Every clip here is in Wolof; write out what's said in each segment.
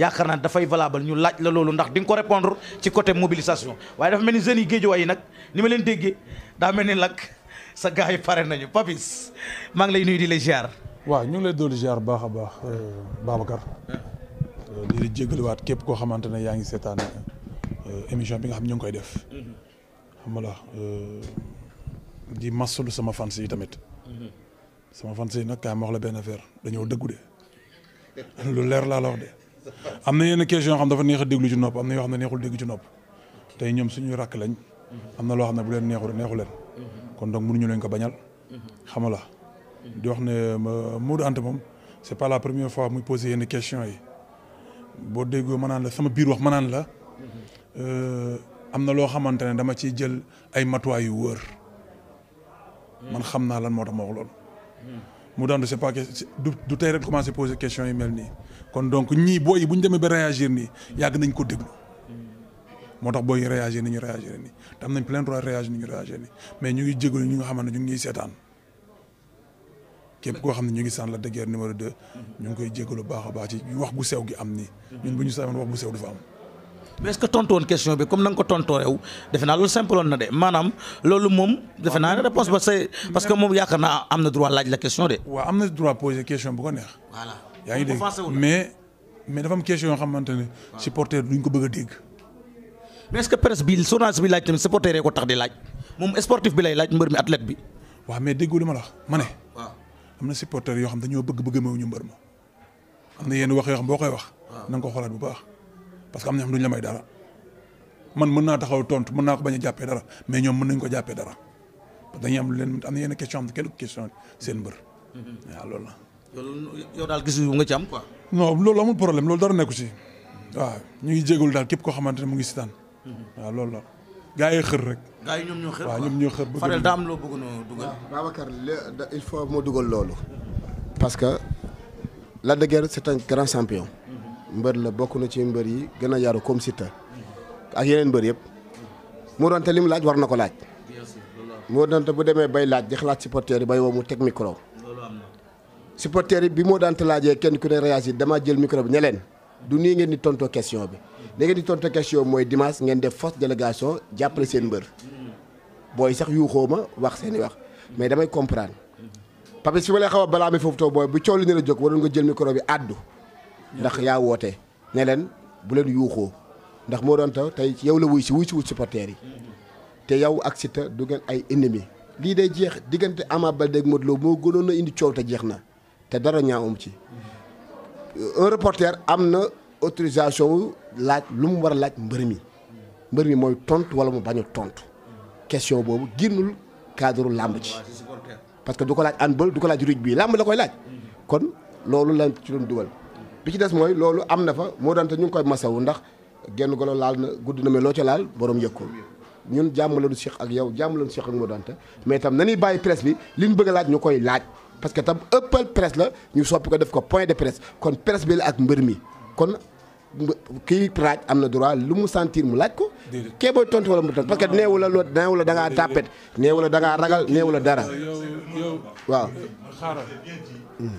yaakaar naa dafay valable ñu laaj la loolu ndax dinga ko répondre ci côté mobilisation waaye dafa mel ni jeunes yi yi nag ni ma leen déggee daa mel ni lak sa gars yi pare nañu Papis maa ngi lay nuyu di la ziar. waaw ñu ngi lay dolli ziar baax a baax euh, Babacar euh, di jégaluwaat képp koo xamante ne yaa ngi seetaan euh, émission bi nga xam ñu ngi koy def mm-hmm. xam nga di lu sama fans yi tamit mm-hmm. sama fans yi nag kaay ma wax la benn affaire dañoo dëggu de lu leer laa la wax de. am na yenn question yoo xam dafa neex a déglu ci nopp am na yoo xam ne neexul déglu ci nopp tey ñoom suñu rakk lañ am na loo xam ne bu leen neexul neexu leen kon donc mënuñu leen ko bañal xamala di wax ne Modou Anta moom c'est pas la première fois muy posé yenn question yi boo déggoo ma naan la sama biir wax ma naan la euh, am na loo xamante ne dama ciy jël ay matuwaay yu wër man xam naa lan moo tax ma wax loolu je ne sait pas que du poser question questions kon donc ni boy yi réagir ni yag nañ ko déglu motax boy réagir ni ñu réagir ni plein droit réagir ni ñu réagir ni mais ñu ngi jégalu ñu nga nous ñu ngi sétane képp ko xam ñu ngi la guerre numéro 2. ñu ngi koy jégalu baax baax ci wax bu sew gi am ni ñun buñu wax bu sew du mais est-ce que tonton woon question bi comme nango nga ko tontoo yow simple on na de manam lolu mom defena naa réponse ba say parce que mom yaakaar amna droit laaj la question de. wa amna droit poser question bu ko neex. voilà yaa ngi dégg mais mais dafa am question yoo xamante supporter duñ ko bëgg a mais est-ce que presse bi journaliste bi laaj tamit supporter ko tax di laaj mom sportif bi lay laaj mbeur mi athlète bi. wa mais déggu li wax mané wa amna supporter yo xam dañoo bëgg bëgg a ñu mbër ma. amna yeen yenn wax yoo xam boo wax. nango xolat bu baax. parce que am na ñoo xam duñu la may dara man mën naa taxaw tontu mën naa ko bañ a jàppee dara mais ñoom mën nañ ko jàppee dara parce que am leen am na yenn question am kenn question seen mbër. Mhm. waaw loolu la. yow daal gis nga ci am quoi. non loolu amul problème loolu dara nekku ci waaw ñu ngi jégalu daal képp koo xamante ne mu ngi si daan. Mhm. loolu la gaa yi xër rek. gaa ñoom ñoo xër waaw ñoom ñoo xër. Fadel daa am loo bëgg noo dugal. Babacar il faut moo dugal loolu. parce que Lac de Guiers c'est un grand champion. mbër la bokk na ci mbër yi gën a yaru comme Siteu ak yeneen mbër yëpp mu te li mu laaj war na ko laaj moo doonte bu demee bay laaj di xalaat supporters yi bay woo mu teg micro supporters yi bi moo daante laajee kenn ku ne réagi dama jël micro bi ne leen du nii ngeen di tontoo question bi li ngeen di tontoo question mooy dimanche ngeen def force délégation jàppale seen mbër booy sax yuuxoo ma wax seen i wax mais damay comprendre parce que fi ma lay xaw a balaa mi li la jóg waroon nga jël micro bi àddu ndax yaa woote ne leen bu leen yuuxoo ndax moo doon taw tey yow la wuy si wuy si wut supporters yi te yow ak Siteu du ngeen ay ennemis lii day jeex diggante Ama Baldé ak Modou Lo moo gënoon a indi coow te jeex na te dara ñaawam ci un reporter am na autorisation wu laaj lu mu war a laaj mbër mi mbër mi mooy tontu wala mu bañ a tontu question boobu génnul cadre làmb ci parce que du ko laaj handball du ko laaj rugby làmb la koy laaj kon loolu lañ ci doon dugal bi ci des mooy loolu am na fa moo daan te ñu ngi koy masawu ndax genn golo laal na gudd na mais loo ca laal borom yëkkul ñun jàmm lañu Cheikh ak yow jàmm lañu Cheikh ak moo daan mais mais na nañuy bàyyi presse bi li ñu bëgg laaj ñu koy laaj parce que tam ëppal presse la ñu soppi ko def ko point de presse kon presse bi la ak mbër mi kon kii laaj am na droit lu mu sentir mu laaj ko. kee booy tontu wala mu tam parce que neewu la loo neewu la da ngaa tàppet neewu la ragal neewu la dara. waaw. xaaral. Hmm.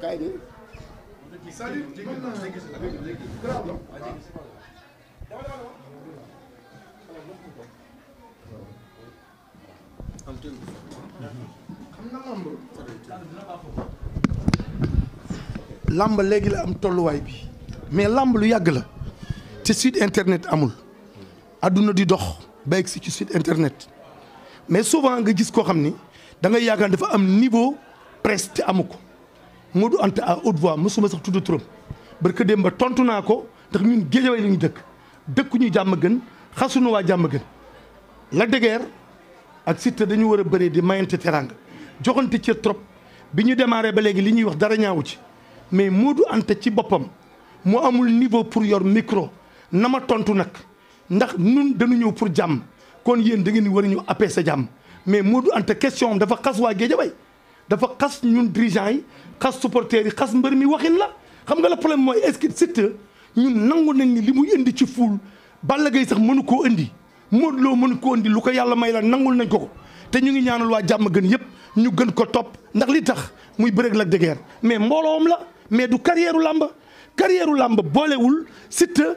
kaay de. làmb léegi la am tolluwaay bi mais làmb lu yàgg la te site internet amul àdduna di dox ba egg si ci site internet mais souvent nga gis koo xam ni da ngay yaakaar dafa am niveau presse te amu ko. Modou Anta à haute voix mosuma sax tudd turam barka démb ba tontu naa ko ndax ñun géejawaay la ñu dëkk dëkkuñu jàmm gën xasuñu waa jàmm gën. Lac de ak Siteu dañu war a bëree di mayante teranga joxante ci trop bi ñu démarré ba léegi li ñuy wax dara ñaawu ci mais Modou Anta ci boppam moo amul niveau pour yor micro na ma tontu nag ndax ñun dañu ñëw pour jàmm kon yéen da ngeen war ñu appeler sa jàmm mais Modou Anta question dafa xas waa géejawaay dafa xas ñun dirigeants yi xas supporters yi xas mbër mi waxin la xam nga la problème mooy est-ce que Siteu ñun nangu nañ ni li muy indi ci fuul Balla gay sax mënu koo indi Modou Lo mënu koo indi lu ko yàlla may la nangul nañ ko ko te ñu ngi ñaanal waa jàmm gën yëpp ñu gën ko topp ndax li tax muy bëreeg la de guerre mais mbooloom la mais du carrière làmb carrière làmb boolewul Siteu